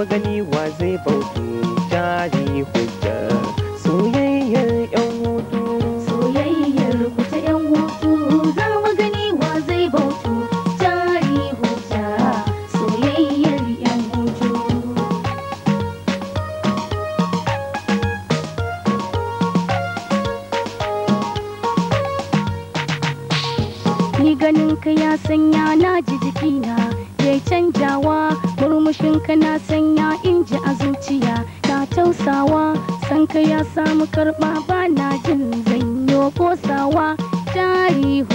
magani wa zai bautu jari hujja soyayyar yan hutu soyayyar kuta yan hutu za magani wa zai bautu jari hujja soyayyar yan hutu ni ganin ka ya sanya na ji na. bai canjawa murmushinka na sanya inji a zuciya ta tausawa sanka ya samu karɓa ba na jin zanyo sawa tarihi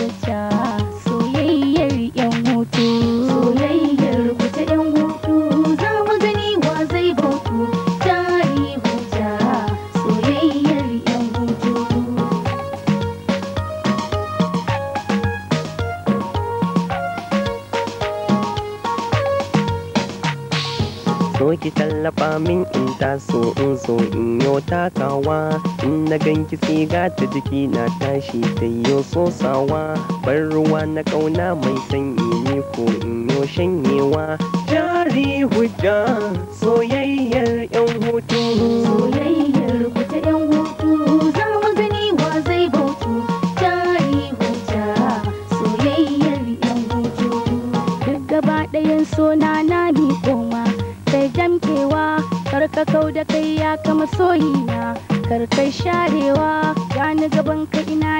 so ki tallafa min in taso in so in yo takawa in na ganki sai ga ta jiki na tashi ta yo sosawa bar ruwa na kauna mai sanyi ne ko in yo shanyewa jari hujja soyayyar yan hutu soyayyar kuta yan hutu za mu gani wa zai bautu hujja soyayyar yan hutu duk gaba ɗayan sona na bi koma kai jamkewa karka kau da kai ya kama soyina karkai sharewa gani gaban ka ina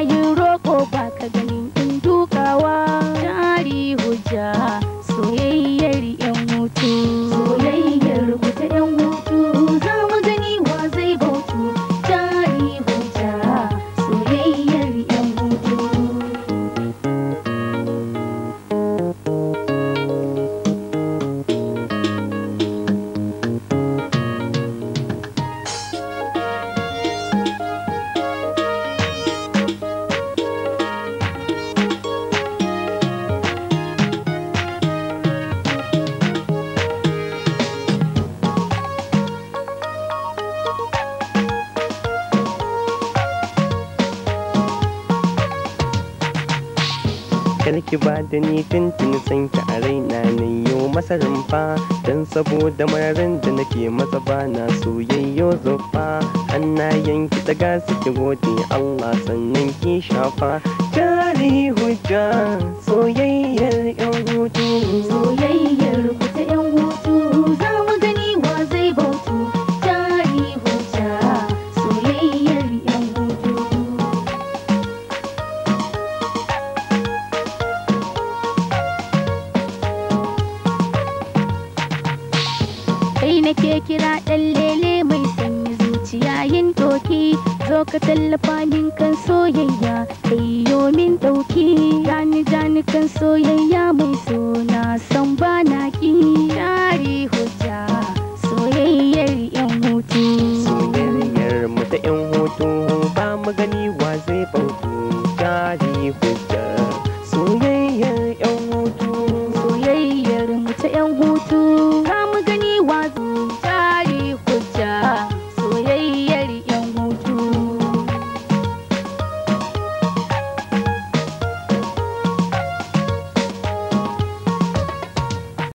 ki ba da ni tintin san ki a raina na yau masarin fa dan saboda mararin da nake masa ba na soyayyo zuffa hannayen ki daga ki gode Allah sannan ki shafa tare hujja soyayyar yan hutu soyayyar ku ta yan hutu nake kira ɗan lele mai sanyi zuciya yin doki zo ka tallafa min kan soyayya kayo min ɗauki rani jani kan soyayya mai suna san ba na ki hujja soyayyar yan hutu soyayyar mu ta yan hutu ba mu gani wa zai bautu jari hujja